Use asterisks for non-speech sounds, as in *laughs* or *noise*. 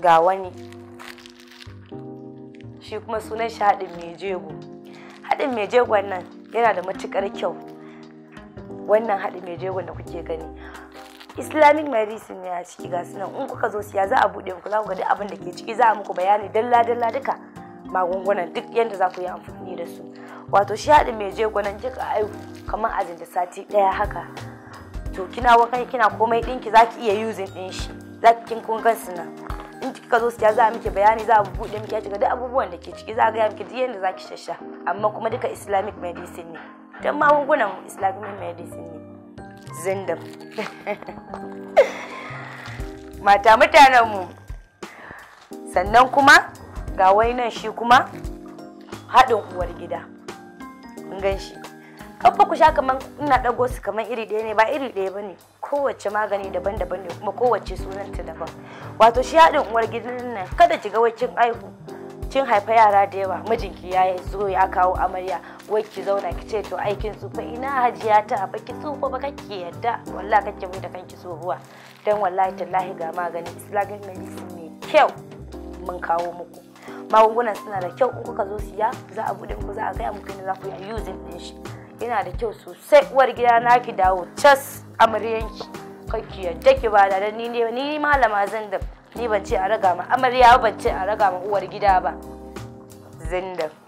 ga shi kuma sunan shi haɗin mai jego haɗin mai jegon nan yana da matukar kyau wannan haɗin mai jegon da kuke gani islamic medicine ya ciki ga sunan in kuka zo siya za a buɗe muku za ku ga duk abin da ke ciki za a muku bayani dalla dalla duka magungunan duk yadda za ku yi amfani da su wato shi haɗin mai jegonan kika aihu kamar a sati ɗaya haka to kina wakai kina komai ɗinki za ki iya using ɗin shi za ki kin kun nan in kika zo siya za a miki bayani za a buɗe miki ya duk abubuwan da ke ciki za a gaya miki duk yadda za ki shasha amma kuma duka islamic medicine ne don magungunan islamic medicine ne zindam *laughs* mata mutanenmu sannan kuma ga wai nan shi kuma haɗin uwar gida gan shi kafa ku sha kaman ina dago su kaman iri ɗaya ne ba iri ɗaya ba ne kowace magani daban-daban ne kuma kowace sunanta daban wato shi haɗin uwar gidan nan kada ki ga wacin aihu kin haifa yara da yawa mijinki ya zo ya kawo amarya wai ki zauna ki ce to aikin tsufa ina hajiya ta ba ki tsufa ba kake yadda wallahi kake mai da kanki tsohuwa dan wallahi tallahi ga magani islamic medicine mai kyau mun kawo muku magungunan suna da kyau in kuka zo siya za a buɗe muku za a gaya muku ne za ku yi using din shi yana da kyau sosai uwar gida na ki dawo cas amaryanki kake yadda ki ba da ni ne ni malama da ni ban ce a raga ma amarya ban ce a raga ma uwar gida ba zindam